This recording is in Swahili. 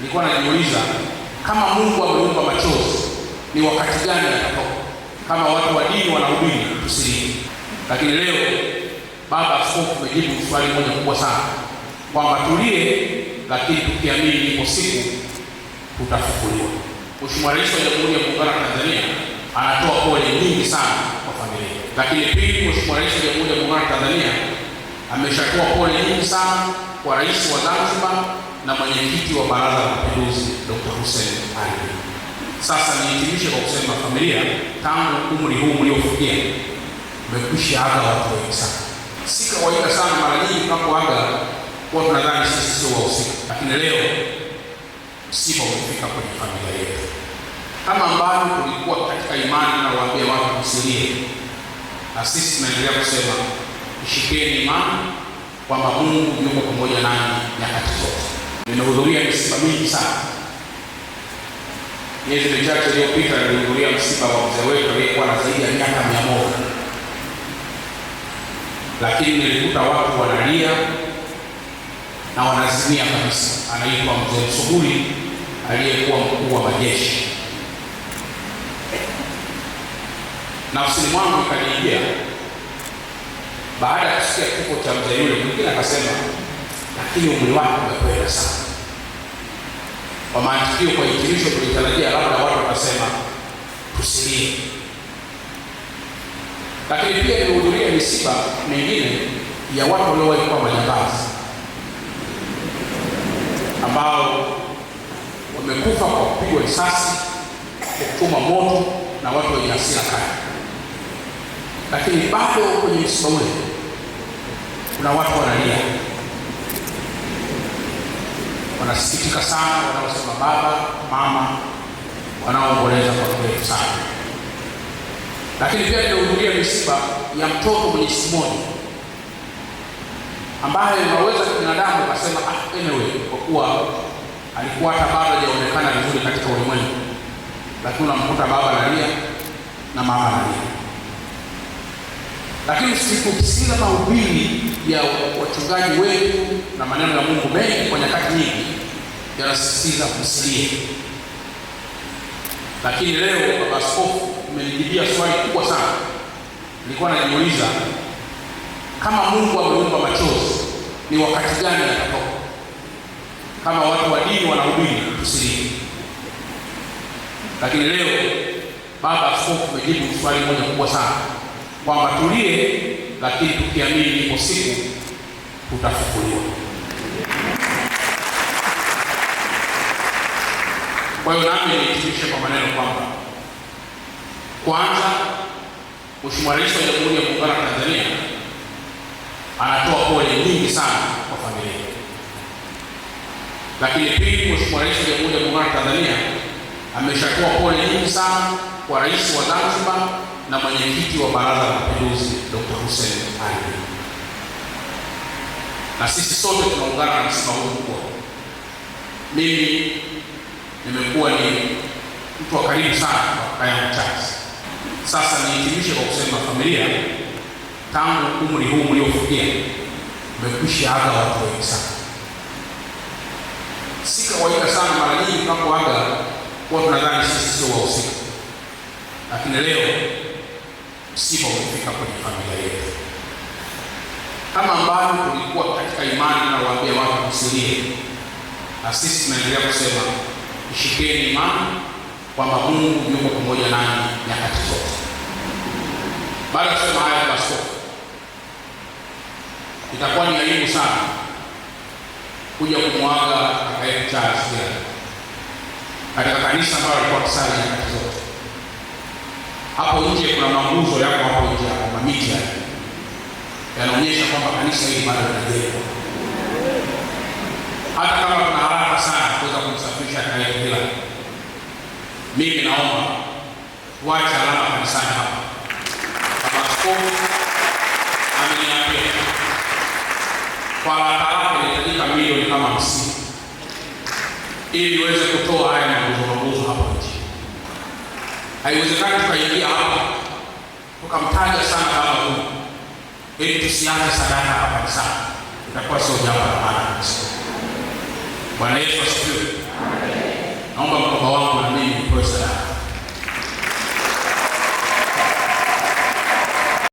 nilikuwa najiuliza kama Mungu ameumba machozi, ni wakati gani yatatoka? Kama watu wa dini wanahubiri tusilie. Lakini leo Baba Askofu umejibu swali moja kubwa sana kwamba tulie, lakini tukiamini ipo siku tutafufuliwa. Mheshimiwa Rais wa Jamhuri ya Muungano wa Tanzania anatoa pole nyingi sana kwa familia, lakini pili, Mheshimiwa Rais wa Jamhuri ya Muungano wa Tanzania ameshatoa pole nyingi sana kwa Rais wa Zanzibar na mwenyekiti wa Baraza la Mapinduzi Dr. Hussein Ali. Sasa nihitimishe kwa kusema familia, tangu umri huu mliofikia mmekwisha aga watu wengi sana. Si kawaida sana, mara nyingi tunapoaga huwa tunadhani sisi sio wahusika, lakini leo msiba umefika kwenye familia yetu, kama ambavyo tulikuwa katika imani na waambia watu msilie, na sisi tunaendelea kusema ishikeni imani kwamba Mungu yuko pamoja nanyi. Nimehudhuria misiba mingi sana. Miezi michache iliyopita nilihudhuria msiba wa mzee wetu aliyekuwa na zaidi ya miaka mia moja, lakini nilikuta watu wanalia na wanazimia kabisa. Anaitwa mzee Msuguli aliyekuwa mkuu wa majeshi. Nafsini mwangu ikaniingia baada ya kusikia kifo cha mzee yule, mwingine akasema lakini umri wake umekwenda sana. Kwa maandikio, kwa hitimisho, tulitarajia labda watu wakasema tusilie, lakini pia nimehudhuria misiba mingine ya watu waliowahi kuwa majambazi ambao wamekufa kwa kupigwa risasi, kwa kuchoma moto na watu wenye hasira kali, lakini bado kwenye msiba ule kuna watu wanalia Tunasikitika sana wanaosema baba, mama, wanaoomboleza kwa kweli sana, lakini pia nilihudhuria misiba ya mtoto mwenye simoni ambaye unaweza kibinadamu ukasema ah, anyway, kwa kuwa alikuwa hata bado hajaonekana vizuri katika ulimwengu, lakini unamkuta baba analia na mama analia. Lakini sikusikiza mahubiri ya wachungaji wetu na maneno ya Mungu mengi kwa nyakati nyingi yanasisitiza kusikia. Lakini leo baba askofu, umenijibia swali kubwa sana. Nilikuwa najiuliza kama Mungu ameumba machozi, ni wakati gani yanatoka? Kama watu wa dini wanahubiri tusilie. Lakini leo baba askofu, umejibu swali moja kubwa sana kwamba tulie, lakini tukiamini ipo siku tutafufuliwa. Kwa hiyo nami nihitimishe kwa maneno kwamba kwanza, Mheshimiwa Rais wa Jamhuri ya Muungano wa Tanzania anatoa pole nyingi sana kwa familia, lakini pili, Mheshimiwa Rais wa Jamhuri ya Muungano wa Tanzania ameshatoa pole nyingi sana kwa Rais wa Zanzibar na mwenyekiti wa Baraza la Mapinduzi Dr. Hussein Ali. Na sisi sote tunaungana na msimamo mkubwa. Mimi nimekuwa ni mtu wa karibu sana kwa kaya Mchache. Sasa nihitimishe kwa kusema familia, tangu umri huu mliofikia mmekwisha aga watu wengi sana. Si kawaida sana, mara nyingi tunapoaga huwa tunadhani sisi sio wahusika lakini leo msiba umefika kwenye familia yetu, kama ambavyo tulikuwa katika imani na waambia watu msilie, na sisi tunaendelea kusema ishikeni imani kwamba Mungu yuko pamoja nanyi nyakati zote. Baada ya kusema haya, baskofu, itakuwa ni aibu sana kuja kumwaga kaka yetu Charles katika kanisa ambalo alikuwa kusali nyakati zote hapo nje kuna manguzo yako hapo nje hapo mamiti yako yanaonyesha kwamba kanisa hili bado linajengwa, hata kama kuna haraka sana kuweza kumsafisha kaekila. Mimi naomba wacha alama kanisani hapa, kama askofu ameniambia kwa haraka haraka inahitajika milioni kama hamsini ili iweze kutoa haya Haiwezekani tukaingia hapa tukamtaja sana kama Mungu ili tusianze sadaka hapa sana, itakuwa sio jambo la maana. Bwana Yesu asifiwe. Naomba mkoba wangu na mimi nipoe sadaka